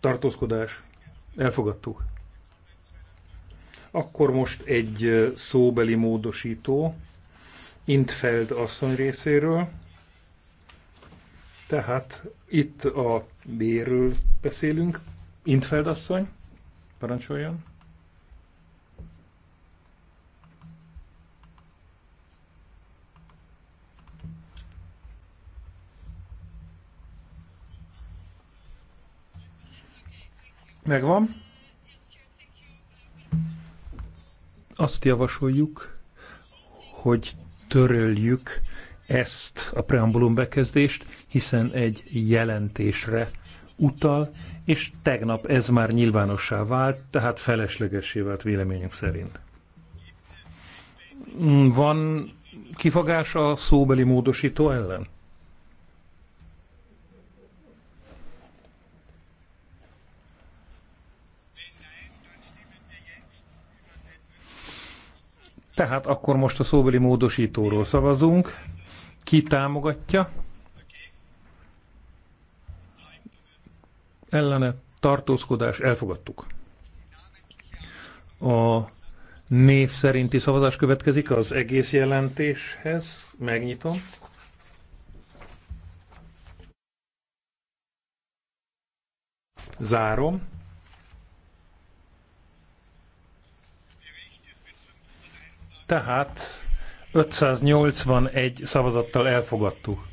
tartózkodás, elfogadtuk. Akkor most egy szóbeli módosító, Intfeld asszony részéről, tehát itt a B-ről beszélünk. Intfeld asszony, parancsoljon. Megvan. Azt javasoljuk, hogy töröljük ezt a preambulum bekezdést, hiszen egy jelentésre utal, és tegnap ez már nyilvánossá vált, tehát feleslegessé vált véleményünk szerint. Van kifogás a szóbeli módosító ellen? Tehát akkor most a szóbeli módosítóról szavazunk. Ki támogatja? Ellene tartózkodás elfogadtuk. A név szerinti szavazás következik az egész jelentéshez. Megnyitom. Zárom. Tehát 581 szavazattal elfogadtuk.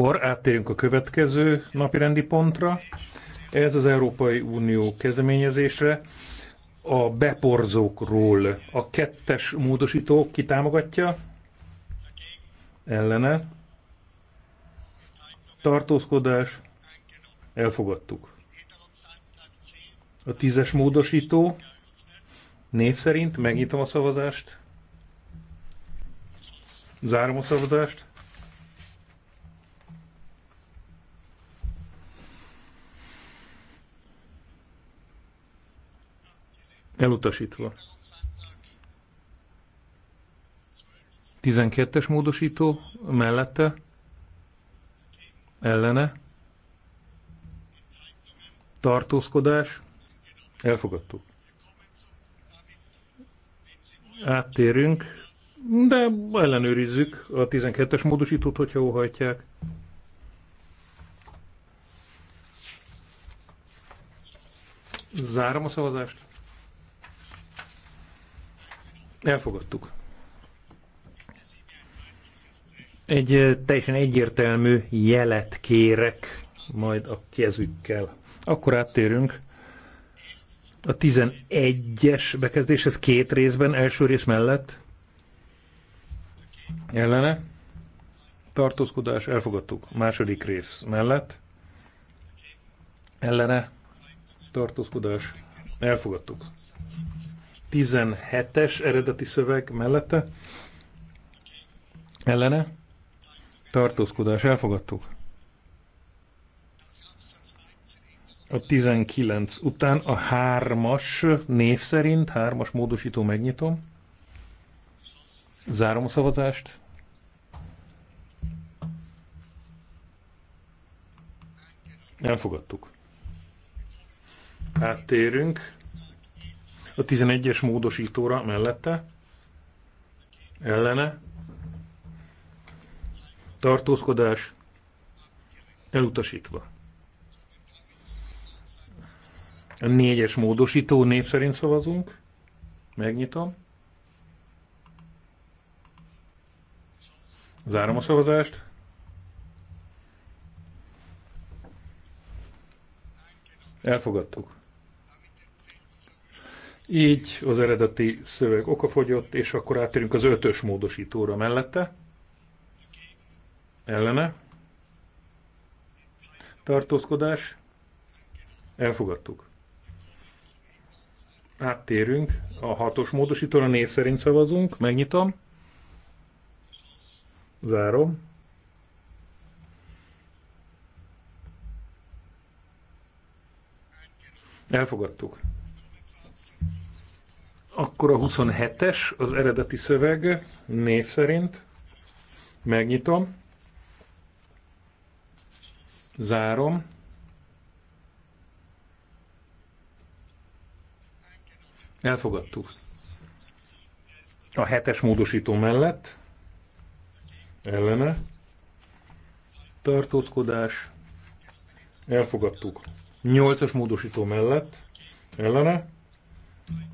Akkor áttérünk a következő napirendi pontra. Ez az Európai Unió kezdeményezésre a beporzókról. A kettes módosító kitámogatja? Ellene? Tartózkodás? Elfogadtuk. A tízes módosító? Név szerint megnyitom a szavazást. Zárom a szavazást. Elutasítva. 12-es módosító mellette, ellene, tartózkodás, elfogadtuk. Áttérünk, de ellenőrizzük a 12-es módosítót, hogyha óhajtják. Zárom a szavazást. Elfogadtuk. Egy teljesen egyértelmű jelet kérek majd a kezükkel. Akkor áttérünk a 11-es bekezdéshez két részben, első rész mellett. Ellene. Tartózkodás, elfogadtuk. Második rész mellett. Ellene. Tartózkodás, elfogadtuk. 17-es eredeti szöveg mellette. Ellene. Tartózkodás. Elfogadtuk. A 19 után a hármas név szerint, hármas módosító megnyitom. Zárom a szavazást. Elfogadtuk. Áttérünk a 11-es módosítóra mellette, ellene, tartózkodás, elutasítva. A négyes módosító név szerint szavazunk. Megnyitom. Zárom a szavazást. Elfogadtuk. Így az eredeti szöveg okafogyott, és akkor átérünk az ötös módosítóra mellette. Ellene. Tartózkodás. Elfogadtuk. Áttérünk a hatos módosítóra, név szerint szavazunk. Megnyitom. Zárom. Elfogadtuk. Akkor a 27-es, az eredeti szöveg név szerint. Megnyitom. Zárom. Elfogadtuk. A hetes módosító mellett ellene tartózkodás elfogadtuk. Nyolcas módosító mellett ellene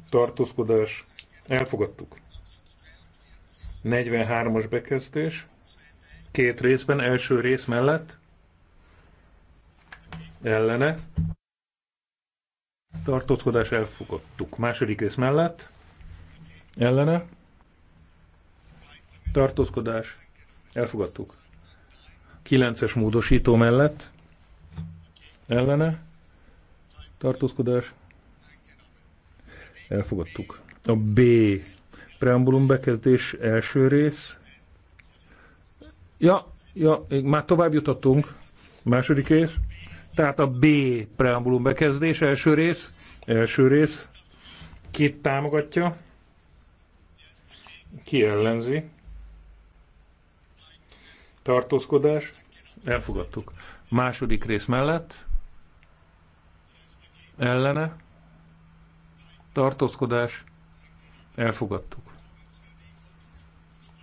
tartózkodás, elfogadtuk. 43-as bekezdés, két részben, első rész mellett, ellene, tartózkodás, elfogadtuk. Második rész mellett, ellene, tartózkodás, elfogadtuk. 9-es módosító mellett, ellene, tartózkodás, Elfogadtuk. A B. Preambulum bekezdés első rész. Ja, ja, már tovább jutottunk. Második rész. Tehát a B. Preambulum bekezdés első rész. Első rész. Két támogatja. Ki ellenzi? Tartózkodás. Elfogadtuk. Második rész mellett. Ellene tartózkodás, elfogadtuk.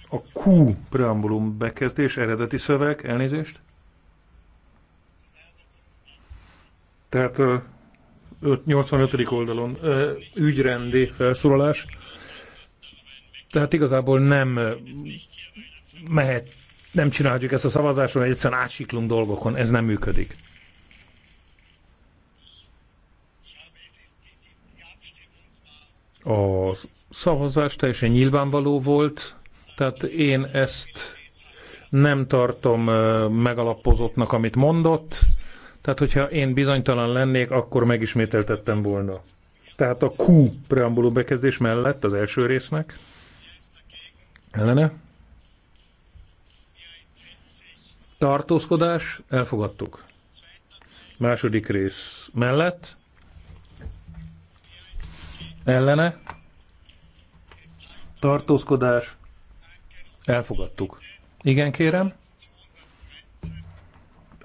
A Q preambulum bekezdés, eredeti szöveg, elnézést. Tehát 85. oldalon ügyrendi felszólalás. Tehát igazából nem mehet, nem csináljuk ezt a szavazáson, egyszerűen átsiklunk dolgokon, ez nem működik. A szavazás teljesen nyilvánvaló volt, tehát én ezt nem tartom megalapozottnak, amit mondott. Tehát, hogyha én bizonytalan lennék, akkor megismételtettem volna. Tehát a Q preambuló bekezdés mellett az első résznek. Ellene? Tartózkodás, elfogadtuk. Második rész mellett ellene, tartózkodás, elfogadtuk. Igen, kérem.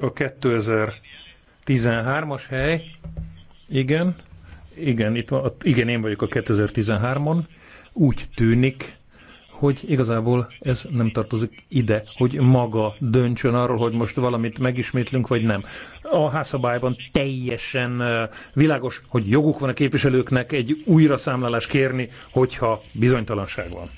A 2013-as hely, igen, igen, itt van, igen, én vagyok a 2013-on, úgy tűnik, hogy igazából ez nem tartozik ide, hogy maga döntsön arról, hogy most valamit megismétlünk, vagy nem. A házszabályban teljesen világos, hogy joguk van a képviselőknek egy újraszámlálást kérni, hogyha bizonytalanság van.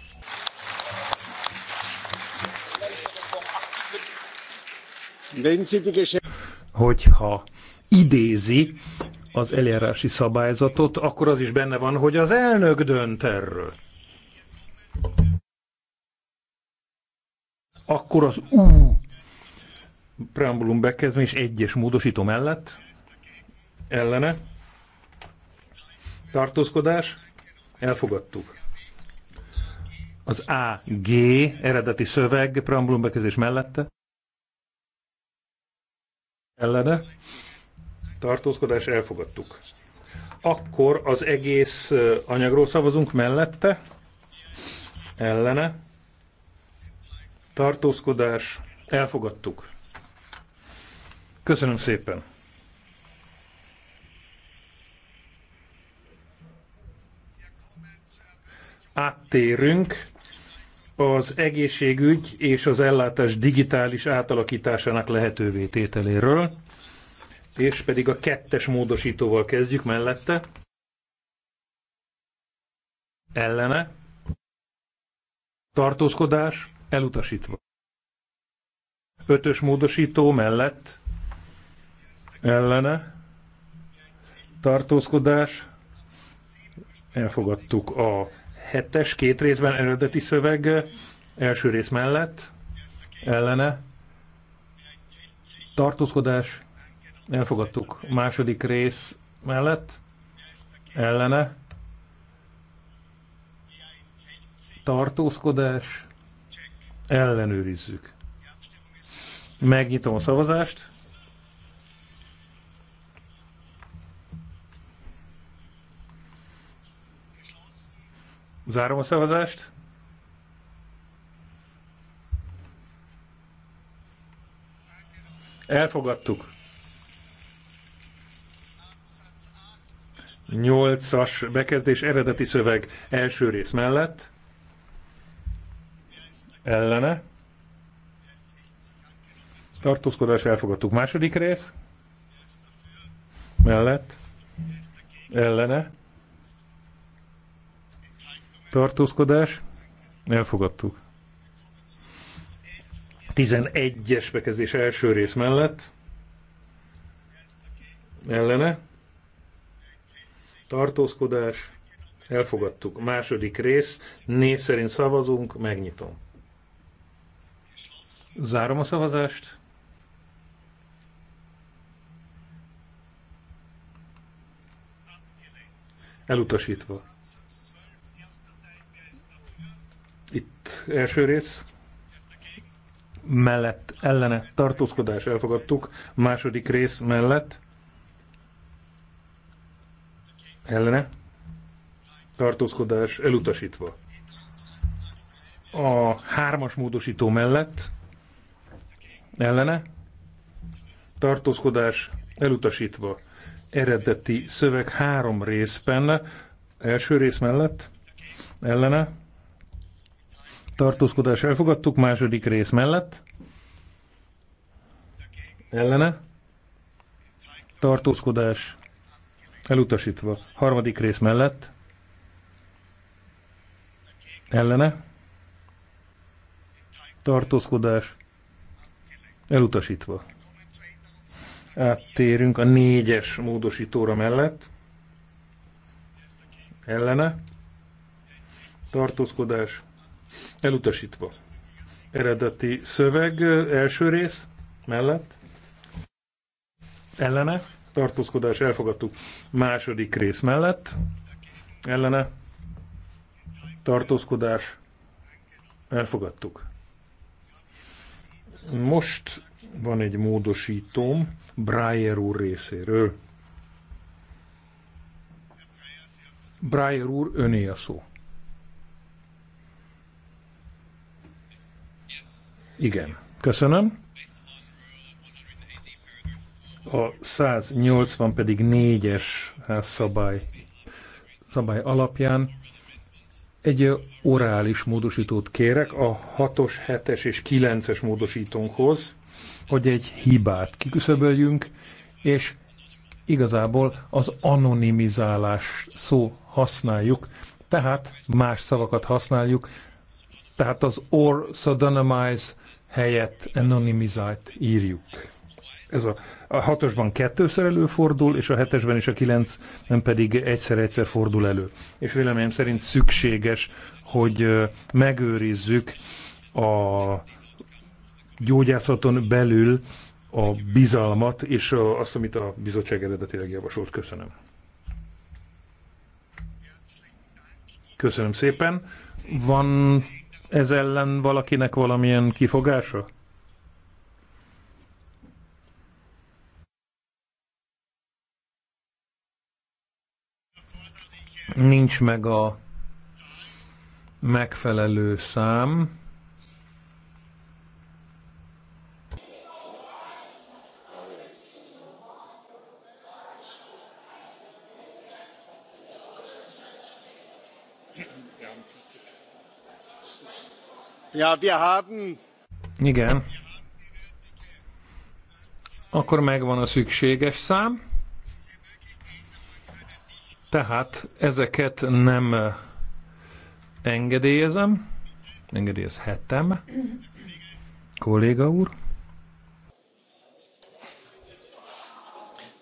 Hogyha idézi az eljárási szabályzatot, akkor az is benne van, hogy az elnök dönt erről akkor az U preambulum bekezdés egyes módosító mellett ellene tartózkodás elfogadtuk. Az AG eredeti szöveg preambulum bekezdés mellette ellene tartózkodás elfogadtuk. Akkor az egész anyagról szavazunk mellette ellene tartózkodás, elfogadtuk. Köszönöm szépen! áttérünk az egészségügy és az ellátás digitális átalakításának lehetővé tételéről, és pedig a kettes módosítóval kezdjük mellette. Ellene. Tartózkodás. Elutasítva. Ötös módosító mellett ellene tartózkodás. Elfogadtuk a hetes két részben eredeti szöveg első rész mellett ellene tartózkodás. Elfogadtuk második rész mellett ellene tartózkodás Ellenőrizzük. Megnyitom a szavazást. Zárom a szavazást. Elfogadtuk. 8-as bekezdés eredeti szöveg első rész mellett ellene. Tartózkodás elfogadtuk. Második rész mellett ellene. Tartózkodás elfogadtuk. 11-es bekezdés első rész mellett ellene. Tartózkodás elfogadtuk. Második rész, név szerint szavazunk, megnyitom. Zárom a szavazást. Elutasítva. Itt első rész. Mellett, ellene, tartózkodás elfogadtuk. Második rész mellett. Ellene. Tartózkodás elutasítva. A hármas módosító mellett ellene, tartózkodás elutasítva. Eredeti szöveg három részben, első rész mellett, ellene, tartózkodás elfogadtuk, második rész mellett, ellene, tartózkodás elutasítva, harmadik rész mellett, ellene, tartózkodás Elutasítva. Áttérünk a négyes módosítóra mellett. Ellene. Tartózkodás. Elutasítva. Eredeti szöveg első rész mellett. Ellene. Tartózkodás elfogadtuk második rész mellett. Ellene. Tartózkodás elfogadtuk. Most van egy módosítóm Breyer úr részéről. Breyer úr, öné a szó. Igen, köszönöm. A 180 pedig 4-es szabály, szabály alapján egy orális módosítót kérek a 6-os, 7-es és 9-es módosítónkhoz, hogy egy hibát kiküszöböljünk, és igazából az anonimizálás szó használjuk, tehát más szavakat használjuk, tehát az or pseudonymize helyett anonimizált írjuk. Ez a, a hatosban kettőször előfordul, és a hetesben és a kilencben pedig egyszer-egyszer fordul elő. És véleményem szerint szükséges, hogy megőrizzük a gyógyászaton belül a bizalmat, és azt, amit a bizottság eredetileg javasolt. Köszönöm. Köszönöm szépen. Van ez ellen valakinek valamilyen kifogása? Nincs meg a megfelelő szám. Ja, wir haben... Igen. Akkor megvan a szükséges szám. Tehát ezeket nem engedélyezem, engedélyezhetem, Kolléga úr.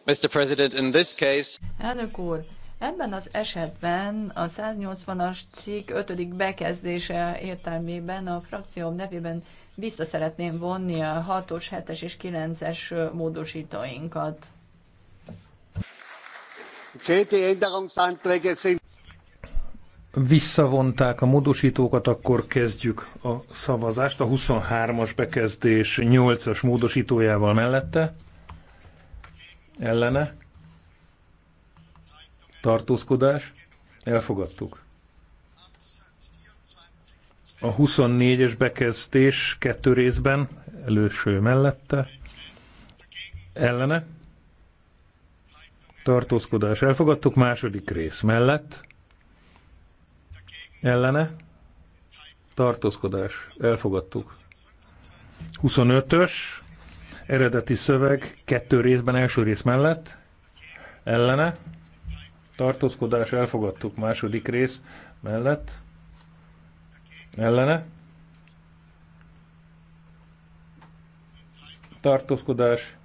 Mr. President, in this case... Elnök úr, Ebben az esetben a 180-as cikk 5. bekezdése értelmében a frakcióm nevében vissza szeretném vonni a 6-os, 7-es és 9-es módosítóinkat. Visszavonták a módosítókat, akkor kezdjük a szavazást a 23-as bekezdés 8-as módosítójával mellette. Ellene. Tartózkodás. Elfogadtuk. A 24-es bekezdés kettő részben, előső mellette. Ellene tartózkodás elfogadtuk, második rész mellett, ellene, tartózkodás elfogadtuk. 25-ös, eredeti szöveg, kettő részben, első rész mellett, ellene, tartózkodás elfogadtuk, második rész mellett, ellene, tartózkodás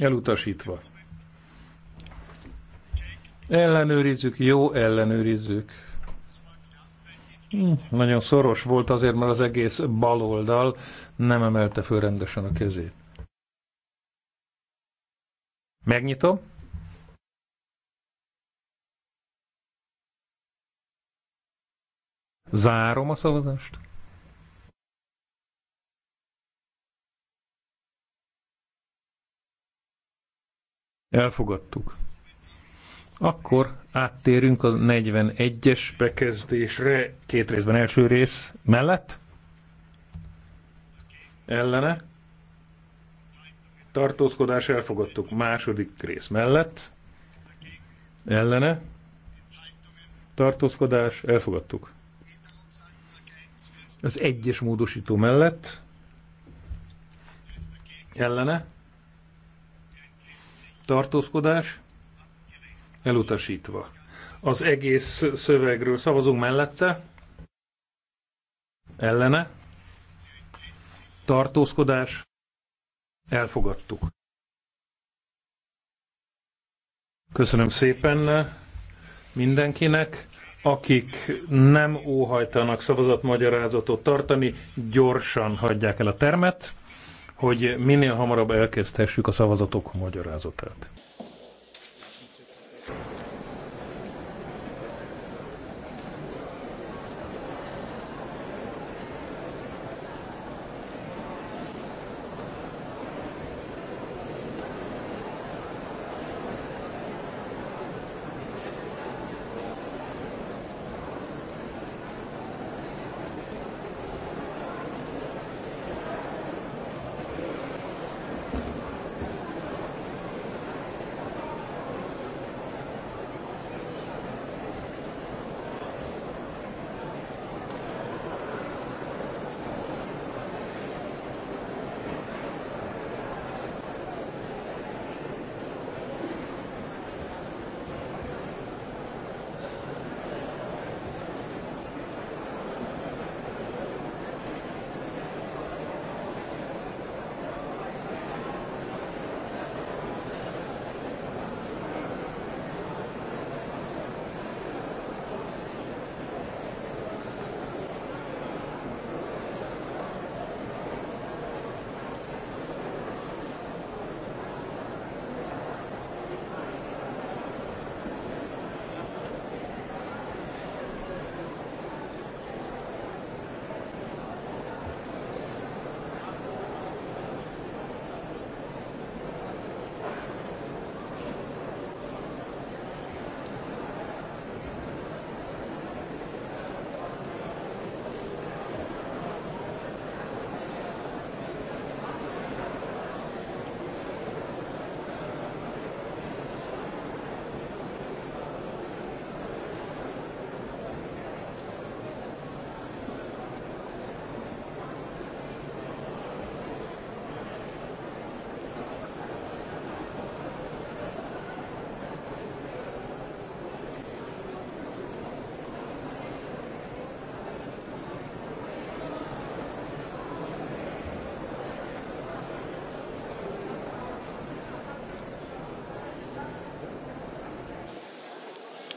Elutasítva. Ellenőrizzük, jó ellenőrizzük. Hm, nagyon szoros volt azért, mert az egész baloldal nem emelte föl rendesen a kezét. Megnyitom. Zárom a szavazást. Elfogadtuk. Akkor áttérünk a 41-es bekezdésre, két részben első rész mellett. Ellene. Tartózkodás elfogadtuk második rész mellett. Ellene. Tartózkodás elfogadtuk. Az egyes módosító mellett. Ellene tartózkodás elutasítva. Az egész szövegről szavazunk mellette, ellene, tartózkodás, elfogadtuk. Köszönöm szépen mindenkinek, akik nem óhajtanak szavazatmagyarázatot tartani, gyorsan hagyják el a termet hogy minél hamarabb elkezdhessük a szavazatok magyarázatát.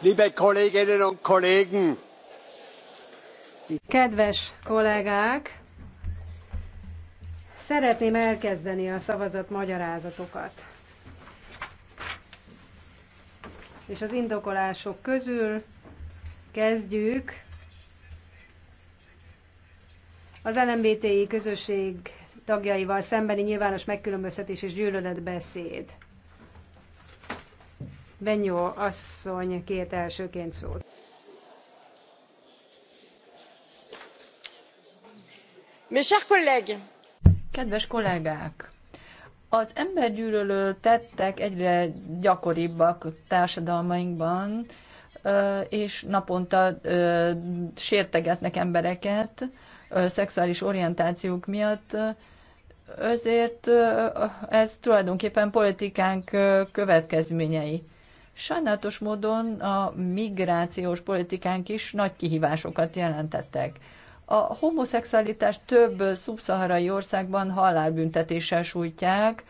liebe Kolleginnen und Kollegen! Kedves kollégák! Szeretném elkezdeni a szavazat magyarázatokat. És az indokolások közül kezdjük az LMBTI közösség tagjaival szembeni nyilvános megkülönböztetés és gyűlöletbeszéd. Benyó asszony két elsőként szólt. Mes chers collègues, Kedves kollégák! Az embergyűlölő tettek egyre gyakoribbak társadalmainkban, és naponta sértegetnek embereket szexuális orientációk miatt. Ezért ez tulajdonképpen politikánk következményei. Sajnálatos módon a migrációs politikánk is nagy kihívásokat jelentettek. A homoszexualitás több szubszaharai országban halálbüntetéssel sújtják.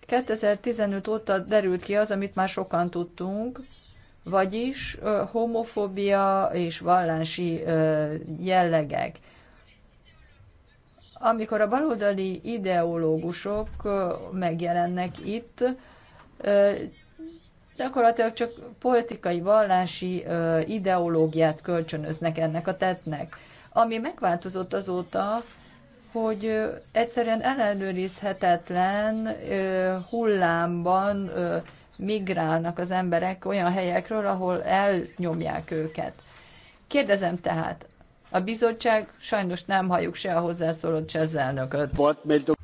2015 óta derült ki az, amit már sokan tudtunk, vagyis homofóbia és vallási jellegek. Amikor a baloldali ideológusok megjelennek itt, gyakorlatilag csak politikai, vallási ideológiát kölcsönöznek ennek a tettnek. Ami megváltozott azóta, hogy egyszerűen ellenőrizhetetlen hullámban migrálnak az emberek olyan helyekről, ahol elnyomják őket. Kérdezem tehát, a bizottság sajnos nem halljuk se a hozzászólót, se az elnököt.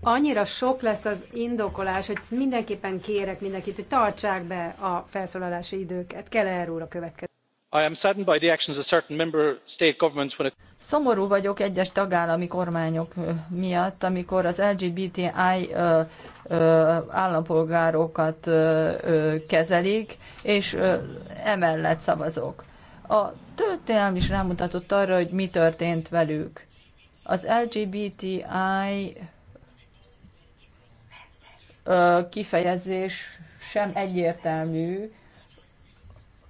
Annyira sok lesz az indokolás, hogy mindenképpen kérek mindenkit, hogy tartsák be a felszólalási időket. Kell erről úr a következő. I am saddened by the actions of certain member state governments when it... Szomorú vagyok egyes tagállami kormányok miatt, amikor az LGBTI állampolgárokat kezelik, és emellett szavazok. A történelm is rámutatott arra, hogy mi történt velük. Az LGBTI kifejezés sem egyértelmű,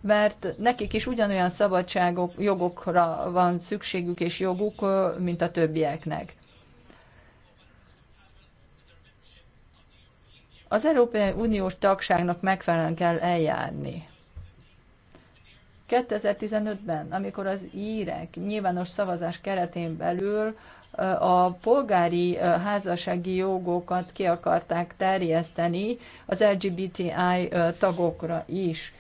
mert nekik is ugyanolyan szabadságok, jogokra van szükségük és joguk, mint a többieknek. Az Európai Uniós tagságnak megfelelően kell eljárni. 2015-ben, amikor az írek nyilvános szavazás keretén belül a polgári házassági jogokat ki akarták terjeszteni az LGBTI tagokra is.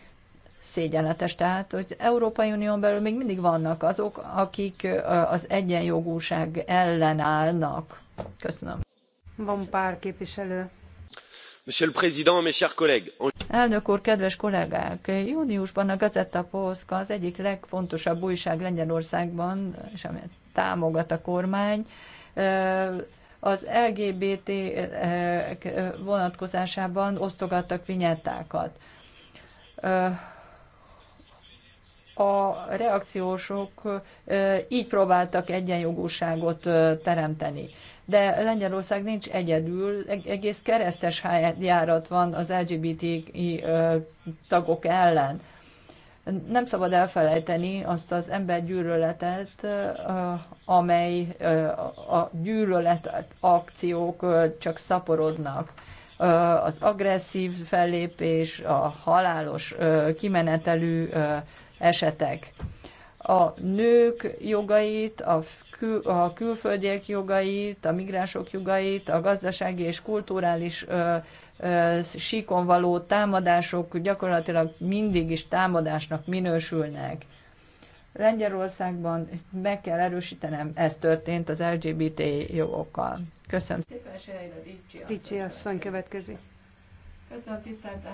Szégyenletes, tehát, hogy Európai Unión belül még mindig vannak azok, akik az egyenjogúság ellen állnak. Köszönöm. Van pár képviselő, Elnök úr, kedves kollégák! Júniusban a Gazetta Polska az egyik legfontosabb újság Lengyelországban, és amelyet támogat a kormány, az LGBT vonatkozásában osztogattak vinyettákat. A reakciósok így próbáltak egyenjogúságot teremteni de Lengyelország nincs egyedül, egész keresztes járat van az LGBT tagok ellen. Nem szabad elfelejteni azt az embergyűlöletet, amely a gyűlölet akciók csak szaporodnak az agresszív fellépés, a halálos kimenetelű esetek. A nők jogait, a kül, a külföldiek jogait, a migránsok jogait, a gazdasági és kulturális ö, ö, síkon való támadások gyakorlatilag mindig is támadásnak minősülnek. Lengyelországban meg kell erősítenem, ez történt az LGBT jogokkal. Köszönöm szépen, Sejra Ricsi asszony következik. Köszönöm, tisztelt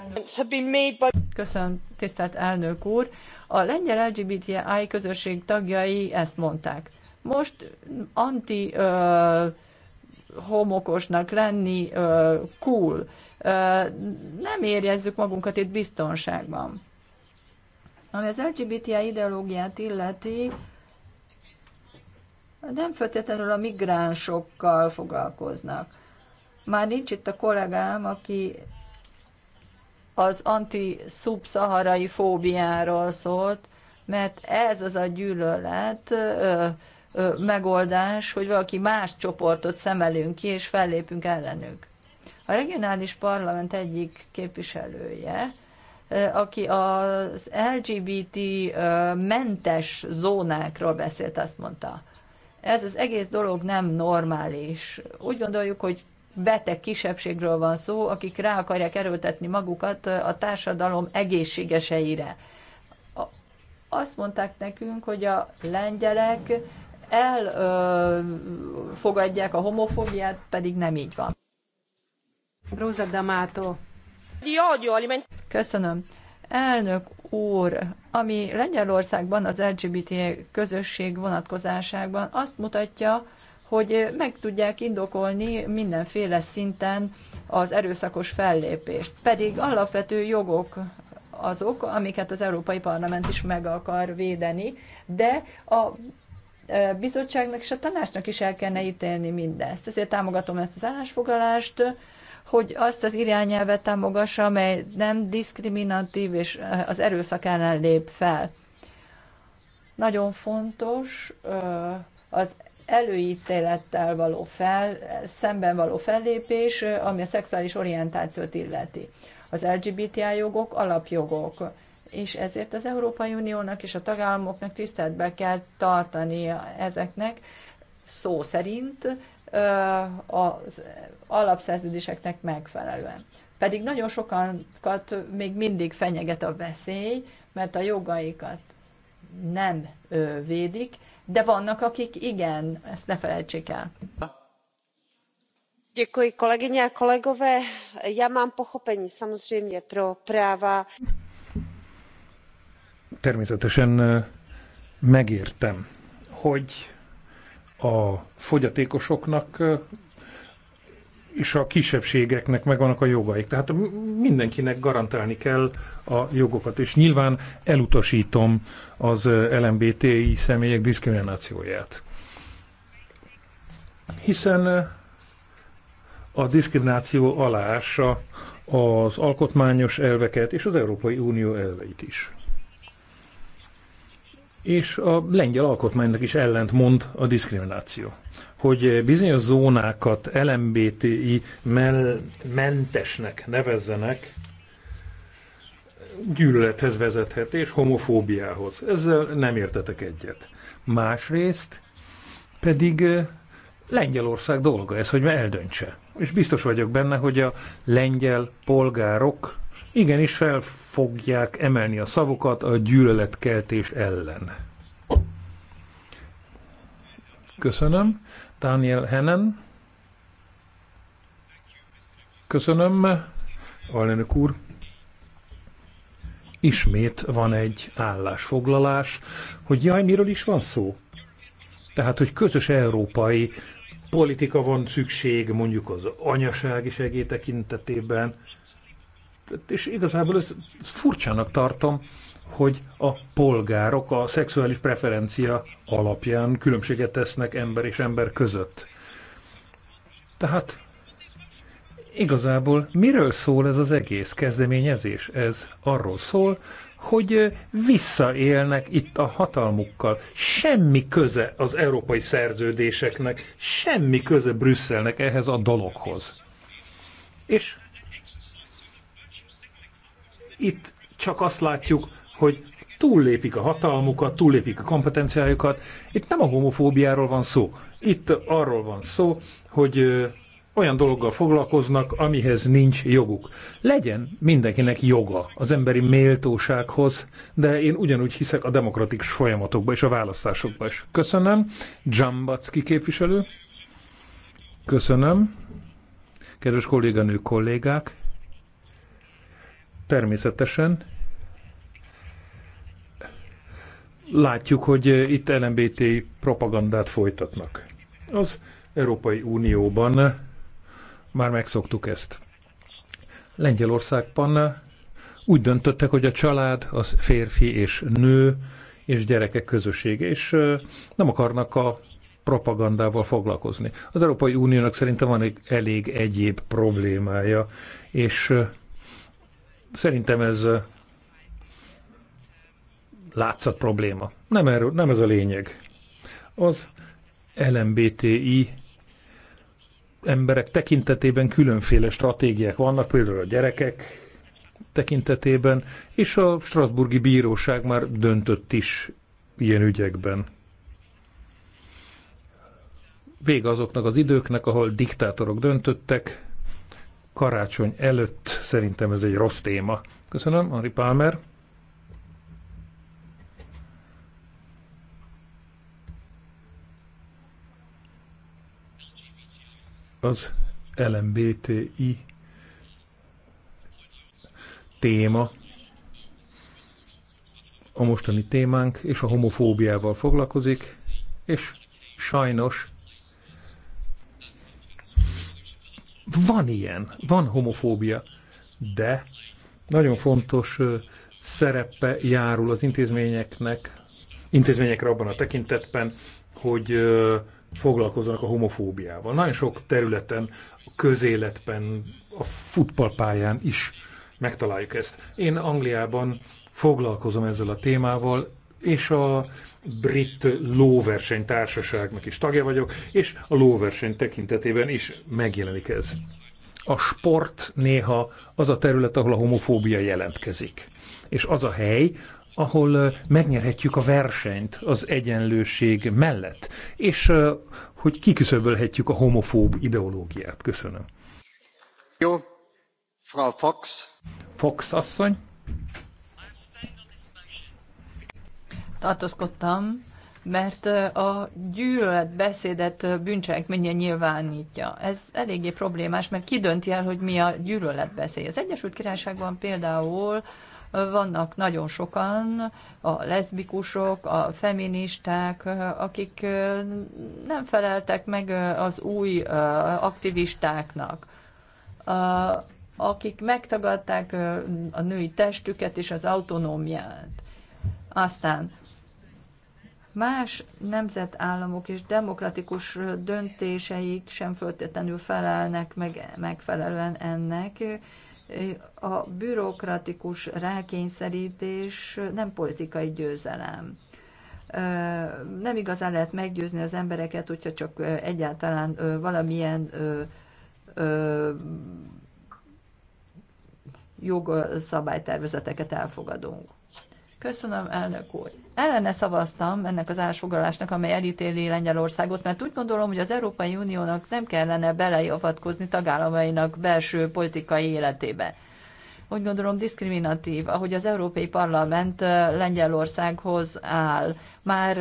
elnök. Köszönöm, tisztelt elnök úr. A lengyel LGBTI közösség tagjai ezt mondták. Most anti uh, homokosnak lenni uh, cool. Uh, nem érjezzük magunkat itt biztonságban. Ami az LGBTI ideológiát illeti, nem feltétlenül a migránsokkal foglalkoznak. Már nincs itt a kollégám, aki az anti-szubszaharai fóbiáról szólt, mert ez az a gyűlölet, megoldás, hogy valaki más csoportot szemelünk ki, és fellépünk ellenük. A regionális parlament egyik képviselője, aki az LGBT mentes zónákról beszélt, azt mondta, ez az egész dolog nem normális. Úgy gondoljuk, hogy beteg kisebbségről van szó, akik rá akarják erőltetni magukat a társadalom egészségeseire. Azt mondták nekünk, hogy a lengyelek elfogadják a homofóbiát, pedig nem így van. Rosa D'Amato. Köszönöm. Elnök úr, ami Lengyelországban az LGBT közösség vonatkozásában azt mutatja, hogy meg tudják indokolni mindenféle szinten az erőszakos fellépést. Pedig alapvető jogok azok, amiket az Európai Parlament is meg akar védeni, de a bizottságnak és a tanácsnak is el kellene ítélni mindezt. Ezért támogatom ezt az állásfoglalást, hogy azt az irányelvet támogassa, amely nem diszkriminatív és az erőszak ellen lép fel. Nagyon fontos az előítélettel való fel, szemben való fellépés, ami a szexuális orientációt illeti. Az LGBTI jogok alapjogok és ezért az Európai Uniónak és a tagállamoknak tiszteletbe kell tartani ezeknek szó szerint az alapszerződéseknek megfelelően. Pedig nagyon sokankat még mindig fenyeget a veszély, mert a jogaikat nem védik, de vannak, akik igen, ezt ne felejtsék el. Děkuji kolegyně a kolegové. Já mám pochopení samozřejmě pro práva. Természetesen megértem, hogy a fogyatékosoknak és a kisebbségeknek megvannak a jogaik. Tehát mindenkinek garantálni kell a jogokat, és nyilván elutasítom az LMBTI személyek diszkriminációját. Hiszen a diszkrimináció aláássa az alkotmányos elveket és az Európai Unió elveit is és a lengyel alkotmánynak is ellentmond a diszkrimináció. Hogy bizonyos zónákat LMBTI mentesnek nevezzenek, gyűlölethez vezethet és homofóbiához. Ezzel nem értetek egyet. Másrészt pedig Lengyelország dolga ez, hogy eldöntse. És biztos vagyok benne, hogy a lengyel polgárok igenis fel fogják emelni a szavukat a gyűlöletkeltés ellen. Köszönöm. Daniel Hennen. Köszönöm. alnök úr. Ismét van egy állásfoglalás, hogy jaj, miről is van szó? Tehát, hogy közös európai politika van szükség mondjuk az anyasági segély tekintetében, és igazából ezt furcsának tartom, hogy a polgárok a szexuális preferencia alapján különbséget tesznek ember és ember között. Tehát igazából miről szól ez az egész kezdeményezés? Ez arról szól, hogy visszaélnek itt a hatalmukkal. Semmi köze az európai szerződéseknek, semmi köze Brüsszelnek ehhez a dologhoz. És itt csak azt látjuk, hogy túllépik a hatalmukat, túllépik a kompetenciájukat. Itt nem a homofóbiáról van szó. Itt arról van szó, hogy olyan dologgal foglalkoznak, amihez nincs joguk. Legyen mindenkinek joga az emberi méltósághoz, de én ugyanúgy hiszek a demokratikus folyamatokba és a választásokba is. Köszönöm. Dzsambacki képviselő. Köszönöm. Kedves kolléganők, kollégák természetesen látjuk, hogy itt LMBT propagandát folytatnak. Az Európai Unióban már megszoktuk ezt. Lengyelországban úgy döntöttek, hogy a család az férfi és nő és gyerekek közössége, és nem akarnak a propagandával foglalkozni. Az Európai Uniónak szerintem van egy elég egyéb problémája, és Szerintem ez látszat probléma. Nem, erről, nem ez a lényeg. Az LMBTI emberek tekintetében különféle stratégiák vannak, például a gyerekek tekintetében, és a Strasburgi Bíróság már döntött is ilyen ügyekben. Vége azoknak az időknek, ahol diktátorok döntöttek, karácsony előtt szerintem ez egy rossz téma. Köszönöm, Ari Palmer. Az LMBTI téma a mostani témánk, és a homofóbiával foglalkozik, és sajnos Van ilyen, van homofóbia, de nagyon fontos szerepe járul az intézményeknek, intézményekre abban a tekintetben, hogy foglalkoznak a homofóbiával. Nagyon sok területen, a közéletben, a futballpályán is megtaláljuk ezt. Én Angliában foglalkozom ezzel a témával, és a brit Társaságnak is tagja vagyok, és a lóverseny tekintetében is megjelenik ez. A sport néha az a terület, ahol a homofóbia jelentkezik. És az a hely, ahol megnyerhetjük a versenyt az egyenlőség mellett, és hogy kiküszöbölhetjük a homofób ideológiát. Köszönöm. Jó. Frau Fox. Fox asszony tartózkodtam, mert a gyűlöletbeszédet bűncselekménye nyilvánítja. Ez eléggé problémás, mert ki dönti el, hogy mi a gyűlöletbeszéd. Az Egyesült Királyságban például vannak nagyon sokan, a leszbikusok, a feministák, akik nem feleltek meg az új aktivistáknak, akik megtagadták a női testüket és az autonómiát. Aztán más nemzetállamok és demokratikus döntéseik sem föltétlenül felelnek meg, megfelelően ennek. A bürokratikus rákényszerítés nem politikai győzelem. Nem igazán lehet meggyőzni az embereket, hogyha csak egyáltalán valamilyen jogszabálytervezeteket elfogadunk. Köszönöm, elnök úr. Ellene szavaztam ennek az állásfoglalásnak, amely elítéli Lengyelországot, mert úgy gondolom, hogy az Európai Uniónak nem kellene beleavatkozni tagállamainak belső politikai életébe. Úgy gondolom diszkriminatív, ahogy az Európai Parlament Lengyelországhoz áll. Már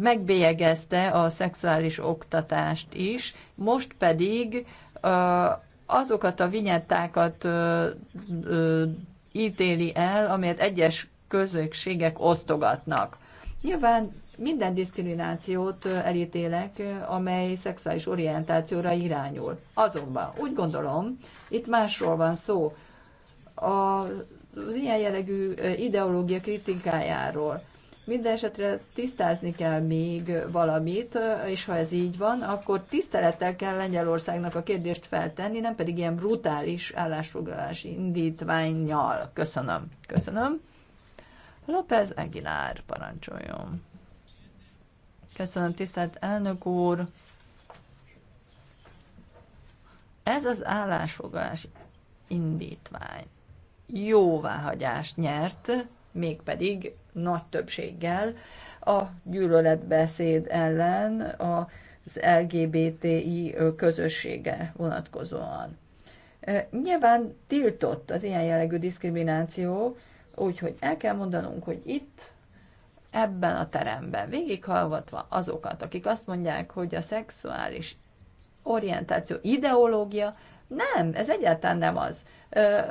megbélyegezte a szexuális oktatást is, most pedig azokat a vinyettákat ítéli el, amelyet egyes közösségek osztogatnak. Nyilván minden diszkriminációt elítélek, amely szexuális orientációra irányul. Azonban úgy gondolom, itt másról van szó. A az ilyen jellegű ideológia kritikájáról. Minden esetre tisztázni kell még valamit, és ha ez így van, akkor tisztelettel kell Lengyelországnak a kérdést feltenni, nem pedig ilyen brutális állásfoglalási indítványjal. Köszönöm. Köszönöm. López Aguilar parancsoljon. Köszönöm, tisztelt elnök úr! Ez az állásfoglalás indítvány jóváhagyást nyert, mégpedig nagy többséggel a gyűlöletbeszéd ellen az LGBTI közössége vonatkozóan. Nyilván tiltott az ilyen jellegű diszkrimináció, Úgyhogy el kell mondanunk, hogy itt, ebben a teremben, végighallgatva azokat, akik azt mondják, hogy a szexuális orientáció ideológia, nem, ez egyáltalán nem az.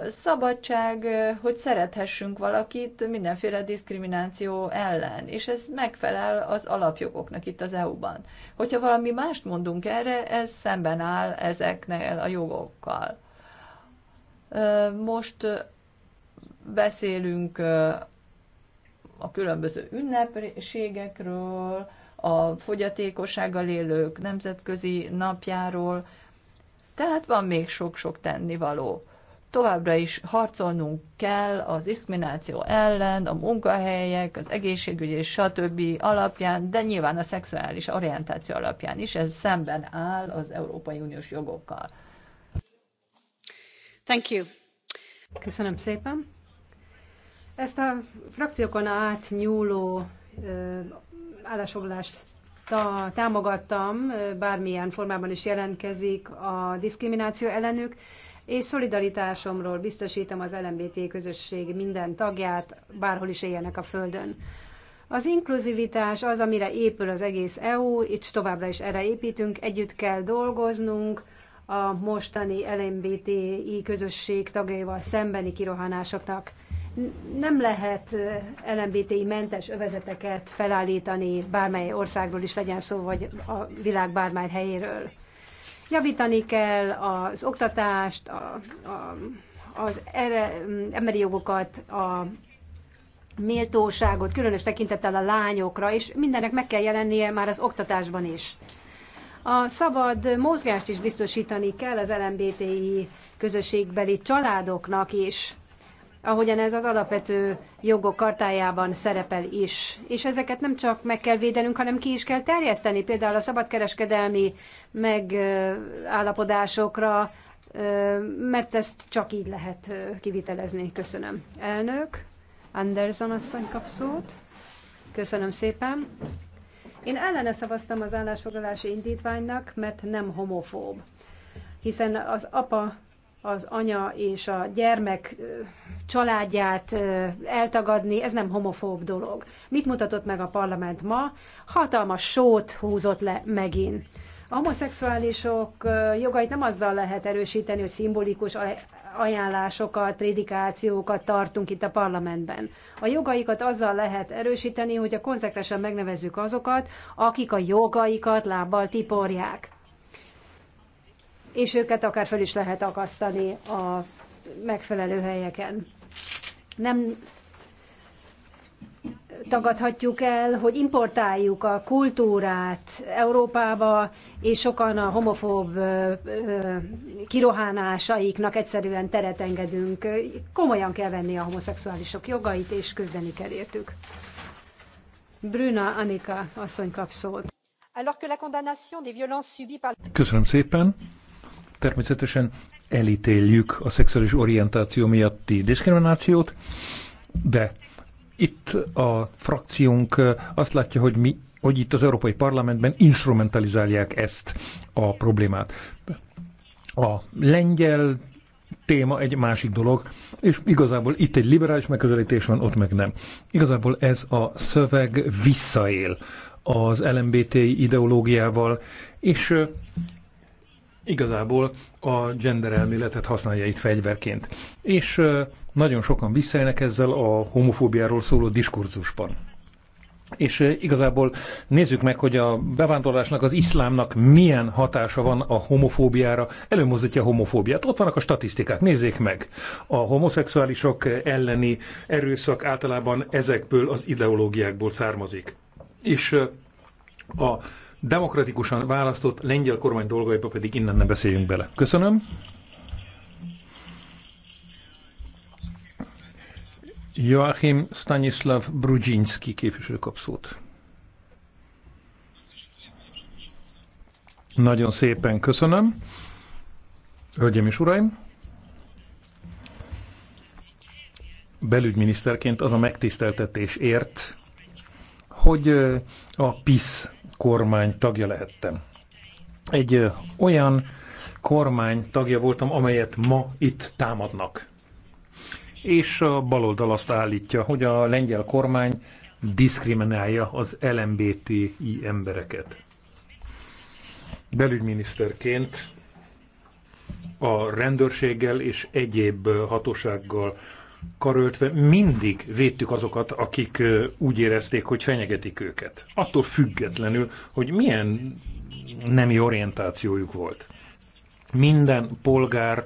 Szabadság, hogy szerethessünk valakit mindenféle diszkrimináció ellen, és ez megfelel az alapjogoknak itt az EU-ban. Hogyha valami mást mondunk erre, ez szemben áll ezeknél a jogokkal. Most beszélünk a különböző ünnepségekről, a fogyatékossággal élők nemzetközi napjáról, tehát van még sok-sok tennivaló. Továbbra is harcolnunk kell az diszkrimináció ellen, a munkahelyek, az egészségügy és stb. alapján, de nyilván a szexuális orientáció alapján is, ez szemben áll az Európai Uniós jogokkal. Thank you. Köszönöm szépen. Ezt a frakciókon átnyúló állásfoglalást támogattam, bármilyen formában is jelentkezik a diszkrimináció ellenük, és szolidaritásomról biztosítom az LMBT közösség minden tagját, bárhol is éljenek a Földön. Az inkluzivitás az, amire épül az egész EU, itt továbbra is erre építünk, együtt kell dolgoznunk, a mostani LMBTI közösség tagjaival szembeni kirohanásoknak nem lehet LMBTI mentes övezeteket felállítani bármely országról is legyen szó, vagy a világ bármely helyéről. Javítani kell az oktatást, a, a, az erre, emberi jogokat, a méltóságot, különös tekintettel a lányokra, és mindennek meg kell jelennie már az oktatásban is. A szabad mozgást is biztosítani kell az LMBTI közösségbeli családoknak is ahogyan ez az alapvető jogok kartájában szerepel is. És ezeket nem csak meg kell védenünk, hanem ki is kell terjeszteni, például a szabadkereskedelmi megállapodásokra, mert ezt csak így lehet kivitelezni. Köszönöm. Elnök, Anderson asszony kap szót. Köszönöm szépen. Én ellene szavaztam az állásfoglalási indítványnak, mert nem homofób. Hiszen az apa az anya és a gyermek családját eltagadni, ez nem homofób dolog. Mit mutatott meg a parlament ma? Hatalmas sót húzott le megint. A homoszexuálisok jogait nem azzal lehet erősíteni, hogy szimbolikus ajánlásokat, prédikációkat tartunk itt a parlamentben. A jogaikat azzal lehet erősíteni, hogy a konzekvensen megnevezzük azokat, akik a jogaikat lábbal tiporják és őket akár fel is lehet akasztani a megfelelő helyeken. Nem tagadhatjuk el, hogy importáljuk a kultúrát Európába, és sokan a homofób kirohánásaiknak egyszerűen teret engedünk. Komolyan kell venni a homoszexuálisok jogait, és küzdeni kell értük. Bruna Anika asszony kap szót. Köszönöm szépen. Természetesen elítéljük a szexuális orientáció miatti diszkriminációt, de itt a frakciónk azt látja, hogy mi hogy itt az Európai Parlamentben instrumentalizálják ezt a problémát. A lengyel téma egy másik dolog, és igazából itt egy liberális megközelítés van, ott meg nem. Igazából ez a szöveg visszaél az LMBT ideológiával, és igazából a gender elméletet használja itt fegyverként. És nagyon sokan visszajönnek ezzel a homofóbiáról szóló diskurzusban. És igazából nézzük meg, hogy a bevándorlásnak, az iszlámnak milyen hatása van a homofóbiára, előmozdítja a homofóbiát. Ott vannak a statisztikák, nézzék meg. A homoszexuálisok elleni erőszak általában ezekből az ideológiákból származik. És a demokratikusan választott lengyel kormány dolgaiba pedig innen ne beszéljünk bele. Köszönöm. Joachim Stanislav Brudzinski képviselő kapszót. Nagyon szépen köszönöm. Hölgyeim és uraim! Belügyminiszterként az a megtiszteltetés ért, hogy a PISZ kormány tagja lehettem. Egy olyan kormány tagja voltam, amelyet ma itt támadnak. És a baloldal azt állítja, hogy a lengyel kormány diszkriminálja az LMBTI embereket. Belügyminiszterként a rendőrséggel és egyéb hatósággal karöltve mindig védtük azokat, akik úgy érezték, hogy fenyegetik őket. Attól függetlenül, hogy milyen nemi orientációjuk volt. Minden polgár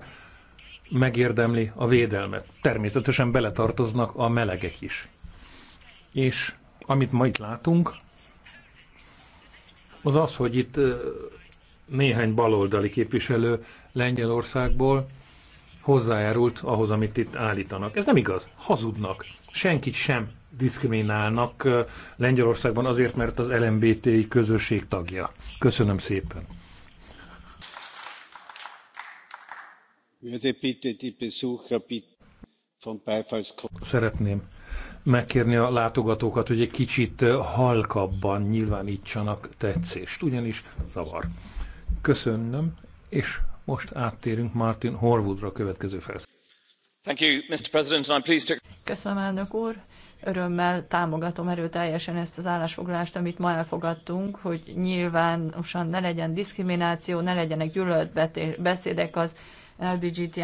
megérdemli a védelmet. Természetesen beletartoznak a melegek is. És amit ma itt látunk, az az, hogy itt néhány baloldali képviselő Lengyelországból hozzájárult ahhoz, amit itt állítanak. Ez nem igaz. Hazudnak. Senkit sem diszkriminálnak Lengyelországban azért, mert az LMBT közösség tagja. Köszönöm szépen. Szeretném megkérni a látogatókat, hogy egy kicsit halkabban nyilvánítsanak tetszést, ugyanis zavar. Köszönöm, és most áttérünk Martin Horwoodra a következő felsz. Köszönöm, elnök úr! Örömmel támogatom erőteljesen ezt az állásfoglalást, amit ma elfogadtunk, hogy nyilvánosan ne legyen diszkrimináció, ne legyenek gyűlöletbeszédek az LBGTI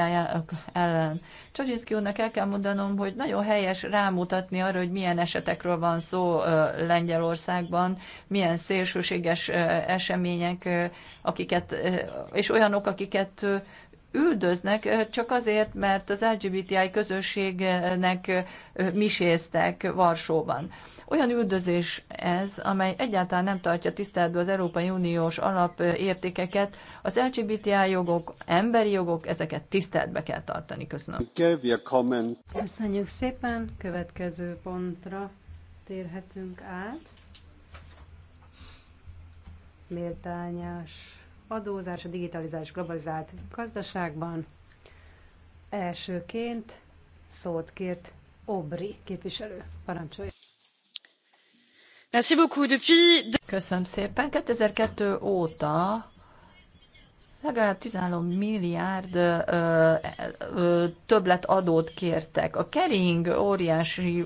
ellen. Csacsiszki úrnak el kell mondanom, hogy nagyon helyes rámutatni arra, hogy milyen esetekről van szó Lengyelországban, milyen szélsőséges események, akiket, és olyanok, akiket üldöznek csak azért, mert az LGBTI közösségnek miséztek Varsóban. Olyan üldözés ez, amely egyáltalán nem tartja tiszteletbe az Európai Uniós alapértékeket. Az LGBTI jogok, emberi jogok, ezeket tiszteletbe kell tartani. Köszönöm. Köszönjük szépen. Következő pontra térhetünk át. Méltányos adózás a digitalizált globalizált gazdaságban. Elsőként szót kért Obri képviselő. Parancsolja. Merci beaucoup. Depuis... Köszönöm szépen. 2002 óta legalább 13 milliárd ö, ö, többlet adót kértek. A Kering óriási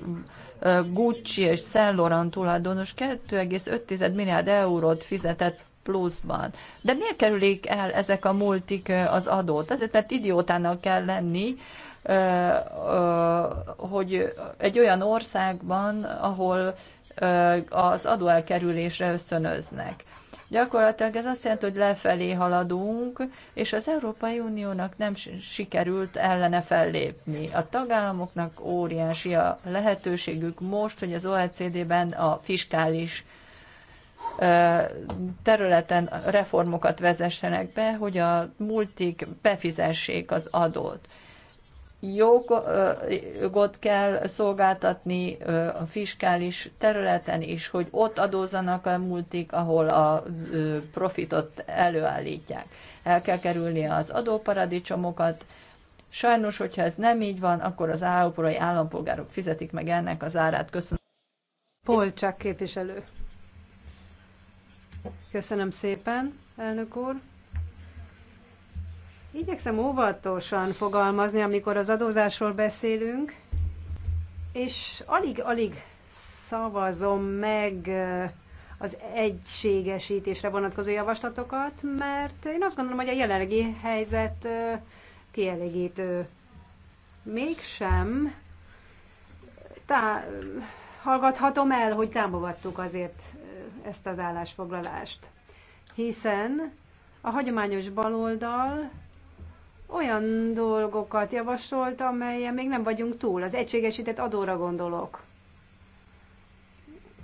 ö, Gucci és Saint Laurent tulajdonos 2,5 milliárd eurót fizetett pluszban. De miért kerülik el ezek a multik az adót? Azért, mert idiótának kell lenni, hogy egy olyan országban, ahol az adóelkerülésre összönöznek. Gyakorlatilag ez azt jelenti, hogy lefelé haladunk, és az Európai Uniónak nem sikerült ellene fellépni. A tagállamoknak óriási a lehetőségük most, hogy az OECD-ben a fiskális területen reformokat vezessenek be, hogy a multik befizessék az adót jogot kell szolgáltatni a fiskális területen is, hogy ott adózanak a multik, ahol a profitot előállítják. El kell kerülni az adóparadicsomokat. Sajnos, hogyha ez nem így van, akkor az állaporai állampolgárok fizetik meg ennek az árát. Köszönöm. Polcsák képviselő. Köszönöm szépen, elnök úr. Igyekszem óvatosan fogalmazni, amikor az adózásról beszélünk, és alig-alig szavazom meg eh, az egységesítésre vonatkozó javaslatokat, mert én azt gondolom, hogy a jelenlegi helyzet eh, kielégítő. Mégsem tá- hallgathatom el, hogy támogattuk azért eh, ezt az állásfoglalást, hiszen a hagyományos baloldal olyan dolgokat javasolt, amelyen még nem vagyunk túl. Az egységesített adóra gondolok.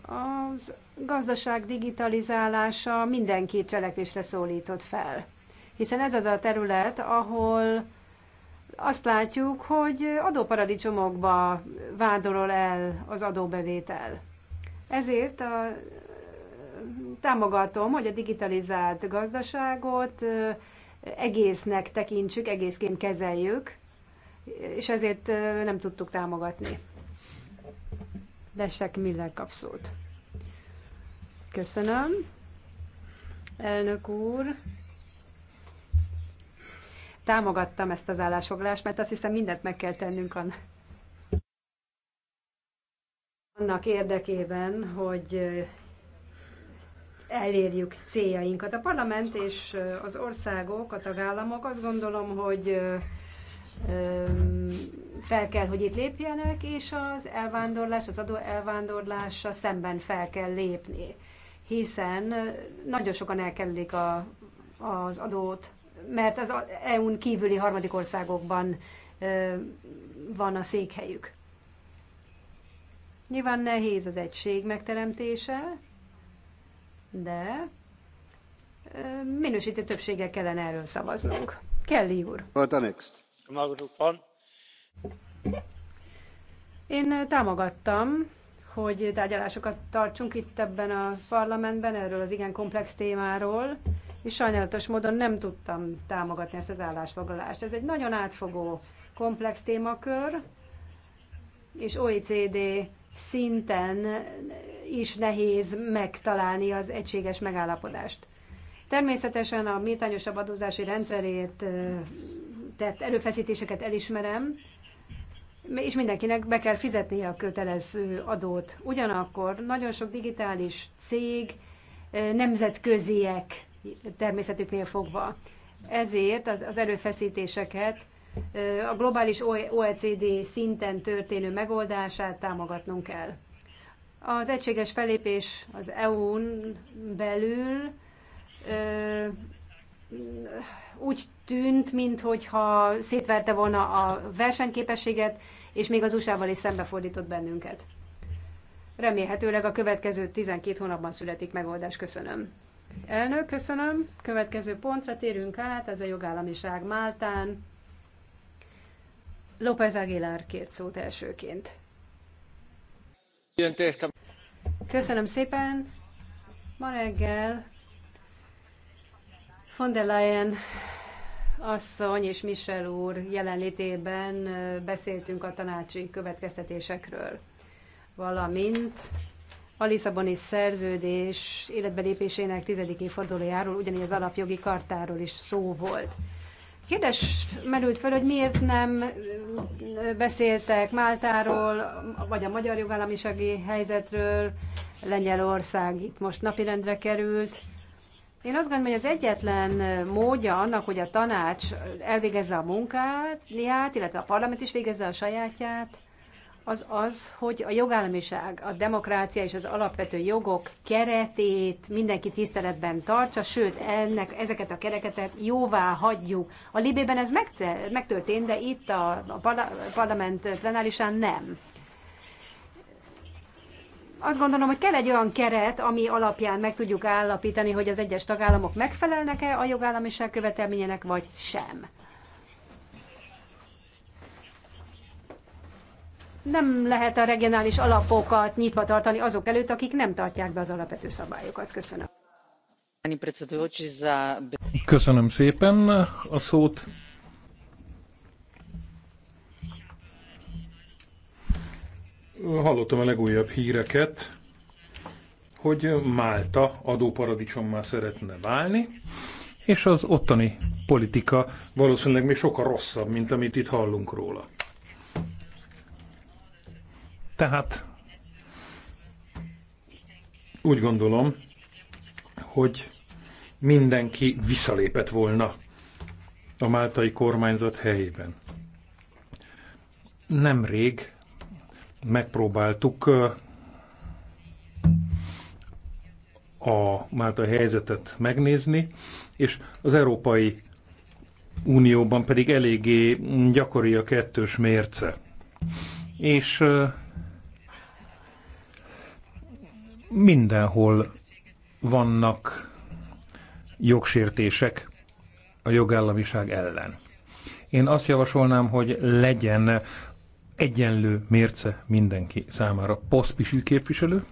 A gazdaság digitalizálása mindenki cselekvésre szólított fel. Hiszen ez az a terület, ahol azt látjuk, hogy adóparadicsomokba vándorol el az adóbevétel. Ezért a, támogatom, hogy a digitalizált gazdaságot egésznek tekintsük, egészként kezeljük, és ezért nem tudtuk támogatni. Lesek Miller kap szót. Köszönöm. Elnök úr, támogattam ezt az állásfoglalást, mert azt hiszem mindent meg kell tennünk a annak érdekében, hogy elérjük céljainkat. A parlament és az országok, a tagállamok azt gondolom, hogy fel kell, hogy itt lépjenek, és az elvándorlás, az adó elvándorlása szemben fel kell lépni, hiszen nagyon sokan elkerülik a, az adót, mert az EU-n kívüli harmadik országokban van a székhelyük. Nyilván nehéz az egység megteremtése, de minősítő többséggel kellene erről szavaznunk. Kelly úr. What a next? Én támogattam, hogy tárgyalásokat tartsunk itt ebben a parlamentben erről az igen komplex témáról, és sajnálatos módon nem tudtam támogatni ezt az állásfoglalást. Ez egy nagyon átfogó, komplex témakör, és OECD szinten is nehéz megtalálni az egységes megállapodást. Természetesen a méltányosabb adózási rendszerért tett erőfeszítéseket elismerem, és mindenkinek be kell fizetnie a kötelező adót. Ugyanakkor nagyon sok digitális cég nemzetköziek természetüknél fogva. Ezért az, az erőfeszítéseket a globális OECD e szinten történő megoldását támogatnunk kell. Az egységes felépés az EU-n belül úgy tűnt, minthogyha szétverte volna a versenyképességet, és még az USA-val is szembefordított bennünket. Remélhetőleg a következő 12 hónapban születik megoldás. Köszönöm. Elnök, köszönöm. Következő pontra térünk át, ez a jogállamiság Máltán. López Aguilar két szót elsőként. Köszönöm szépen. Ma reggel von der Leyen asszony és Michel úr jelenlétében beszéltünk a tanácsi következtetésekről, valamint a Lisszaboni szerződés életbelépésének tizedik évfordulójáról, ugyanígy az alapjogi kartáról is szó volt. Kérdés merült föl, hogy miért nem beszéltek Máltáról, vagy a magyar jogállamisági helyzetről, Lengyelország itt most napirendre került. Én azt gondolom, hogy az egyetlen módja annak, hogy a tanács elvégezze a munkát, illetve a parlament is végezze a sajátját, az az, hogy a jogállamiság, a demokrácia és az alapvető jogok keretét mindenki tiszteletben tartsa, sőt, ennek, ezeket a kereketet jóvá hagyjuk. A Libében ez megtörtént, de itt a parlament plenárisán nem azt gondolom, hogy kell egy olyan keret, ami alapján meg tudjuk állapítani, hogy az egyes tagállamok megfelelnek-e a jogállamiság követelményének, vagy sem. nem lehet a regionális alapokat nyitva tartani azok előtt, akik nem tartják be az alapvető szabályokat. Köszönöm. Köszönöm szépen a szót. Hallottam a legújabb híreket, hogy Málta adóparadicsommal szeretne válni, és az ottani politika valószínűleg még sokkal rosszabb, mint amit itt hallunk róla. Tehát úgy gondolom, hogy mindenki visszalépett volna a máltai kormányzat helyében. Nemrég megpróbáltuk uh, a máltai helyzetet megnézni, és az Európai Unióban pedig eléggé gyakori a kettős mérce. És uh, mindenhol vannak jogsértések a jogállamiság ellen. Én azt javasolnám, hogy legyen egyenlő mérce mindenki számára. Poszpisű képviselő?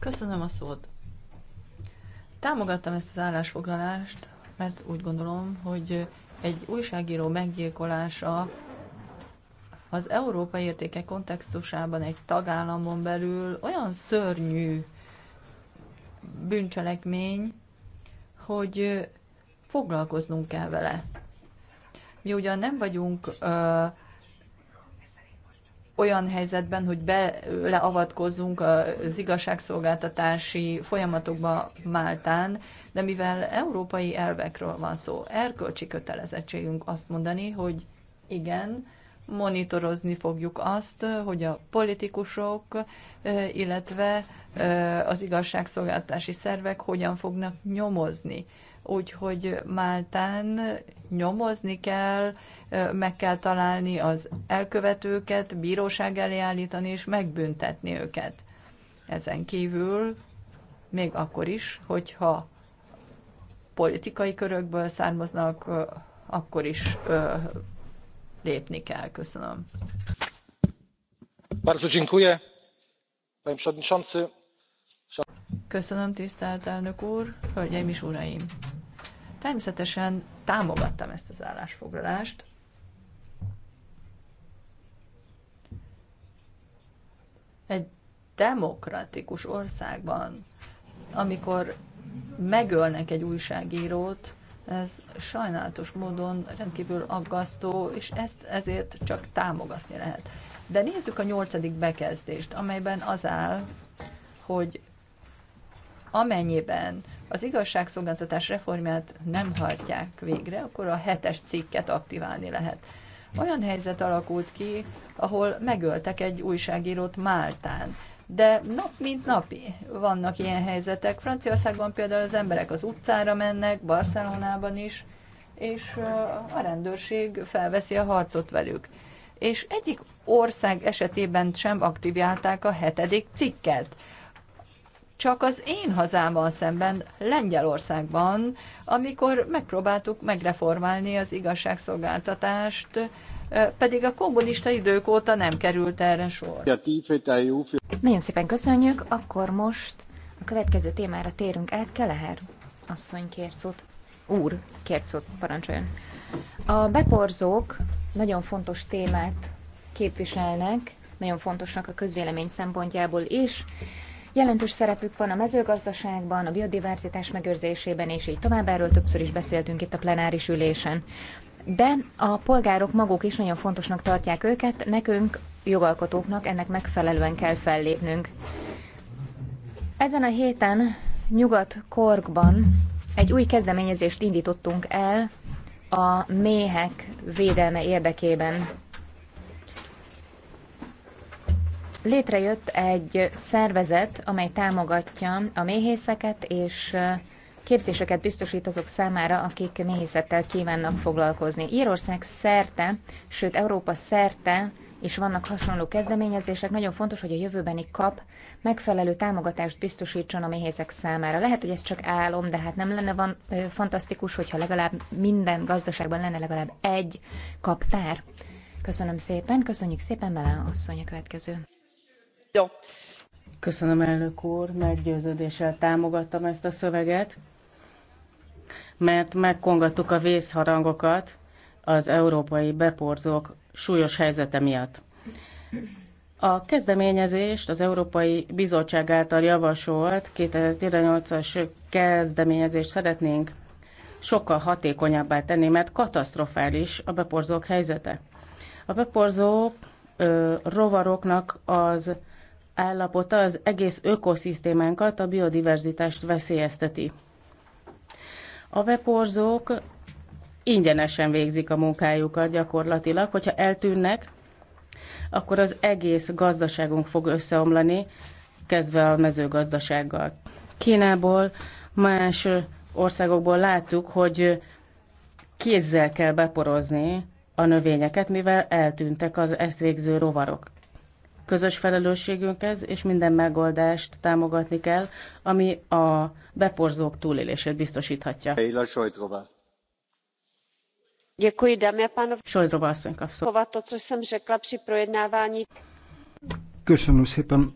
Köszönöm a szót. Támogattam ezt az állásfoglalást, mert úgy gondolom, hogy egy újságíró meggyilkolása az európai értékek kontextusában egy tagállamon belül olyan szörnyű bűncselekmény, hogy foglalkoznunk kell vele. Mi ugyan nem vagyunk ö, olyan helyzetben, hogy beleavatkozzunk az igazságszolgáltatási folyamatokba Máltán, de mivel európai elvekről van szó, erkölcsi kötelezettségünk azt mondani, hogy igen, monitorozni fogjuk azt, hogy a politikusok, illetve az igazságszolgáltási szervek hogyan fognak nyomozni. Úgyhogy Máltán nyomozni kell, meg kell találni az elkövetőket, bíróság elé állítani és megbüntetni őket. Ezen kívül még akkor is, hogyha politikai körökből származnak, akkor is lépni kell. Köszönöm. Köszönöm, tisztelt elnök úr, hölgyeim és uraim! Természetesen támogattam ezt az állásfoglalást. Egy demokratikus országban, amikor megölnek egy újságírót, ez sajnálatos módon rendkívül aggasztó, és ezt ezért csak támogatni lehet. De nézzük a nyolcadik bekezdést, amelyben az áll, hogy amennyiben az igazságszolgáltatás reformját nem hajtják végre, akkor a hetes cikket aktiválni lehet. Olyan helyzet alakult ki, ahol megöltek egy újságírót Máltán de nap mint nap vannak ilyen helyzetek. Franciaországban például az emberek az utcára mennek, Barcelonában is, és a rendőrség felveszi a harcot velük. És egyik ország esetében sem aktiválták a hetedik cikket. Csak az én hazámmal szemben, Lengyelországban, amikor megpróbáltuk megreformálni az igazságszolgáltatást, pedig a kommunista idők óta nem került erre sor. Nagyon szépen köszönjük, akkor most a következő témára térünk át. Keleher asszony kért szót, úr kért szót, parancsoljon. A beporzók nagyon fontos témát képviselnek, nagyon fontosnak a közvélemény szempontjából is. Jelentős szerepük van a mezőgazdaságban, a biodiverzitás megőrzésében, és így tovább erről többször is beszéltünk itt a plenáris ülésen de a polgárok maguk is nagyon fontosnak tartják őket, nekünk, jogalkotóknak ennek megfelelően kell fellépnünk. Ezen a héten Nyugat-Korkban egy új kezdeményezést indítottunk el a méhek védelme érdekében. Létrejött egy szervezet, amely támogatja a méhészeket és képzéseket biztosít azok számára, akik méhészettel kívánnak foglalkozni. Írország szerte, sőt Európa szerte és vannak hasonló kezdeményezések, nagyon fontos, hogy a jövőbeni kap megfelelő támogatást biztosítson a méhészek számára. Lehet, hogy ez csak álom, de hát nem lenne van, ö, fantasztikus, hogyha legalább minden gazdaságban lenne legalább egy kaptár. Köszönöm szépen, köszönjük szépen, Bele asszony a következő. Jó. Köszönöm, elnök úr, meggyőződéssel támogattam ezt a szöveget mert megkongattuk a vészharangokat az európai beporzók súlyos helyzete miatt. A kezdeményezést az Európai Bizottság által javasolt 2018-as kezdeményezést szeretnénk sokkal hatékonyabbá tenni, mert katasztrofális a beporzók helyzete. A beporzó ö, rovaroknak az állapota az egész ökoszisztémánkat, a biodiverzitást veszélyezteti. A weborzók ingyenesen végzik a munkájukat gyakorlatilag, hogyha eltűnnek, akkor az egész gazdaságunk fog összeomlani, kezdve a mezőgazdasággal. Kínából, más országokból láttuk, hogy kézzel kell beporozni a növényeket, mivel eltűntek az ezt végző rovarok. Közös felelősségünk ez, és minden megoldást támogatni kell, ami a beporzók túlélését biztosíthatja. Děkuji, dámy a pánové. Šojdrova asszony To, co jsem řekla při projednávání. Köszönöm szépen.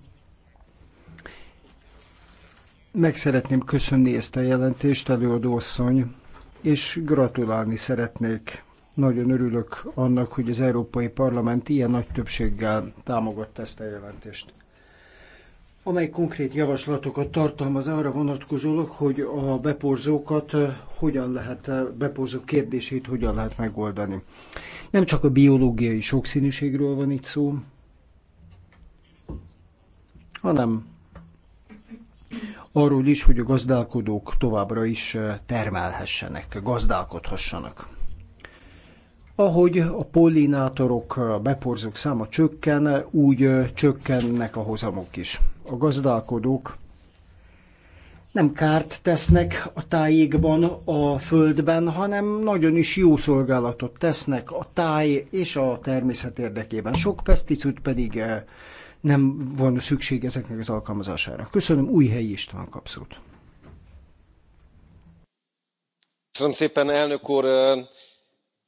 Meg szeretném köszönni ezt a jelentést, előadó asszony, és gratulálni szeretnék nagyon örülök annak, hogy az Európai Parlament ilyen nagy többséggel támogatta ezt a jelentést amely konkrét javaslatokat tartalmaz arra vonatkozólag, hogy a beporzókat hogyan lehet, beporzó kérdését hogyan lehet megoldani. Nem csak a biológiai sokszínűségről van itt szó, hanem arról is, hogy a gazdálkodók továbbra is termelhessenek, gazdálkodhassanak. Ahogy a pollinátorok, a beporzók száma csökken, úgy csökkennek a hozamok is. A gazdálkodók nem kárt tesznek a tájékban, a földben, hanem nagyon is jó szolgálatot tesznek a táj és a természet érdekében. Sok peszticid pedig nem van szükség ezeknek az alkalmazására. Köszönöm, helyi István kapszót. Köszönöm szépen, elnök úr!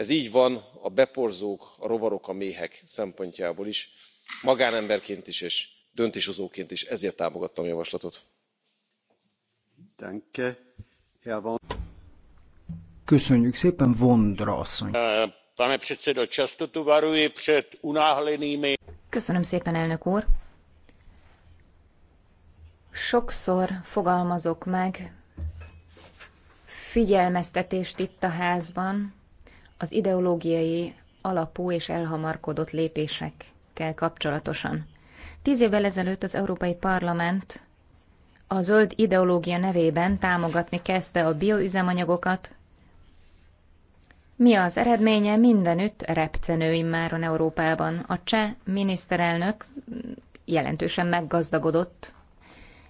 ez gy van a beporzók a rovarok a méhek szempontjából is magánemberként is és döntéshozóként is ezért támogattam a javaslatot. köszönjük szépen eh, köszönöm szépen elnök úr! sokszor fogalmazok meg figyelmeztetést itt a házban az ideológiai alapú és elhamarkodott lépésekkel kapcsolatosan. Tíz évvel ezelőtt az Európai Parlament a zöld ideológia nevében támogatni kezdte a bioüzemanyagokat. Mi az eredménye? Mindenütt repcenőim máron Európában. A cseh miniszterelnök jelentősen meggazdagodott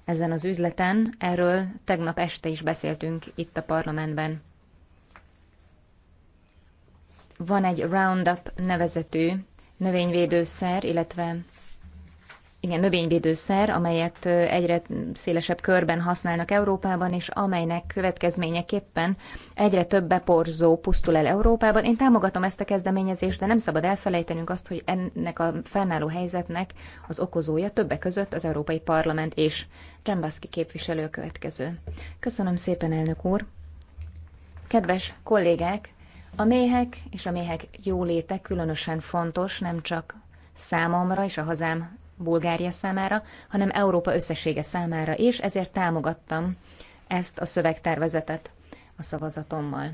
ezen az üzleten, erről tegnap este is beszéltünk itt a parlamentben van egy Roundup nevezetű növényvédőszer, illetve igen, növényvédőszer, amelyet egyre szélesebb körben használnak Európában, és amelynek következményeképpen egyre több beporzó pusztul el Európában. Én támogatom ezt a kezdeményezést, de nem szabad elfelejtenünk azt, hogy ennek a fennálló helyzetnek az okozója többek között az Európai Parlament és Dzsambaszki képviselő következő. Köszönöm szépen, elnök úr! Kedves kollégák, a méhek és a méhek jóléte különösen fontos, nem csak számomra és a hazám Bulgária számára, hanem Európa összessége számára, és ezért támogattam ezt a szövegtervezetet a szavazatommal.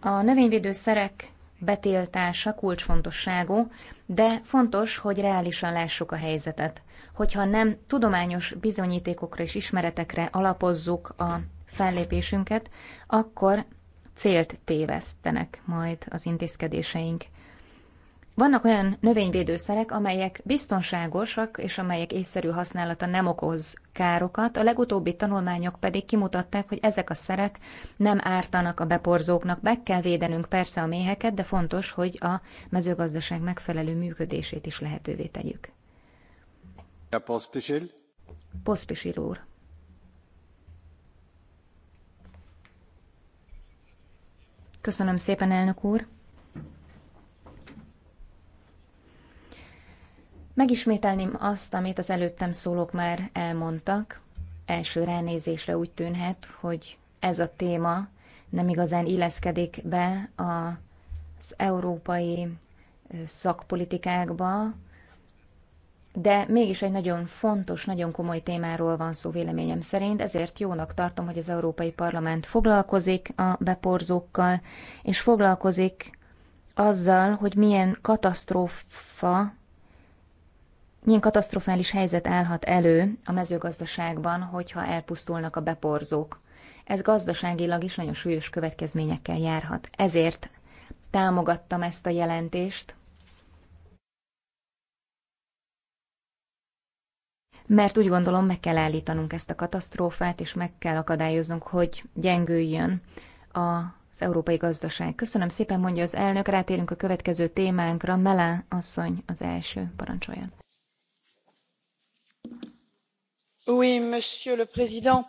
A növényvédőszerek betiltása kulcsfontosságú, de fontos, hogy reálisan lássuk a helyzetet. Hogyha nem tudományos bizonyítékokra és ismeretekre alapozzuk a fellépésünket, akkor célt tévesztenek majd az intézkedéseink. Vannak olyan növényvédőszerek, amelyek biztonságosak, és amelyek észszerű használata nem okoz károkat. A legutóbbi tanulmányok pedig kimutatták, hogy ezek a szerek nem ártanak a beporzóknak. Meg kell védenünk persze a méheket, de fontos, hogy a mezőgazdaság megfelelő működését is lehetővé tegyük. Poszpisil úr. Köszönöm szépen, elnök úr. Megismételném azt, amit az előttem szólók már elmondtak. Első ránézésre úgy tűnhet, hogy ez a téma nem igazán illeszkedik be az európai szakpolitikákba, de mégis egy nagyon fontos, nagyon komoly témáról van szó véleményem szerint, ezért jónak tartom, hogy az Európai Parlament foglalkozik a beporzókkal, és foglalkozik azzal, hogy milyen katasztrófa, milyen katasztrofális helyzet állhat elő a mezőgazdaságban, hogyha elpusztulnak a beporzók. Ez gazdaságilag is nagyon súlyos következményekkel járhat. Ezért támogattam ezt a jelentést, mert úgy gondolom meg kell állítanunk ezt a katasztrófát, és meg kell akadályoznunk, hogy gyengüljön az európai gazdaság. Köszönöm szépen, mondja az elnök, rátérünk a következő témánkra. Melá asszony az első, parancsoljon. Oui, monsieur le président.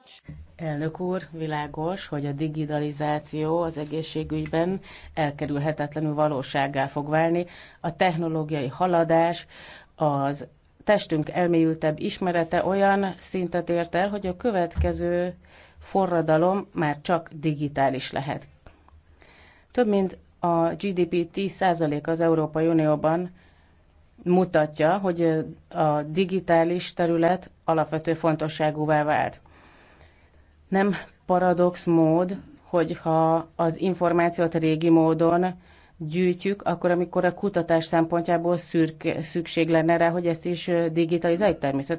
Elnök úr, világos, hogy a digitalizáció az egészségügyben elkerülhetetlenül valósággá fog válni. A technológiai haladás, az testünk elmélyültebb ismerete olyan szintet ért el, hogy a következő forradalom már csak digitális lehet. Több mint a GDP 10% az Európai Unióban mutatja, hogy a digitális terület alapvető fontosságúvá vált. Nem paradox mód, hogyha az információt régi módon gyűjtjük, akkor amikor a kutatás szempontjából szürk, szükség lenne rá, hogy ezt is digitalizáljuk természetesen.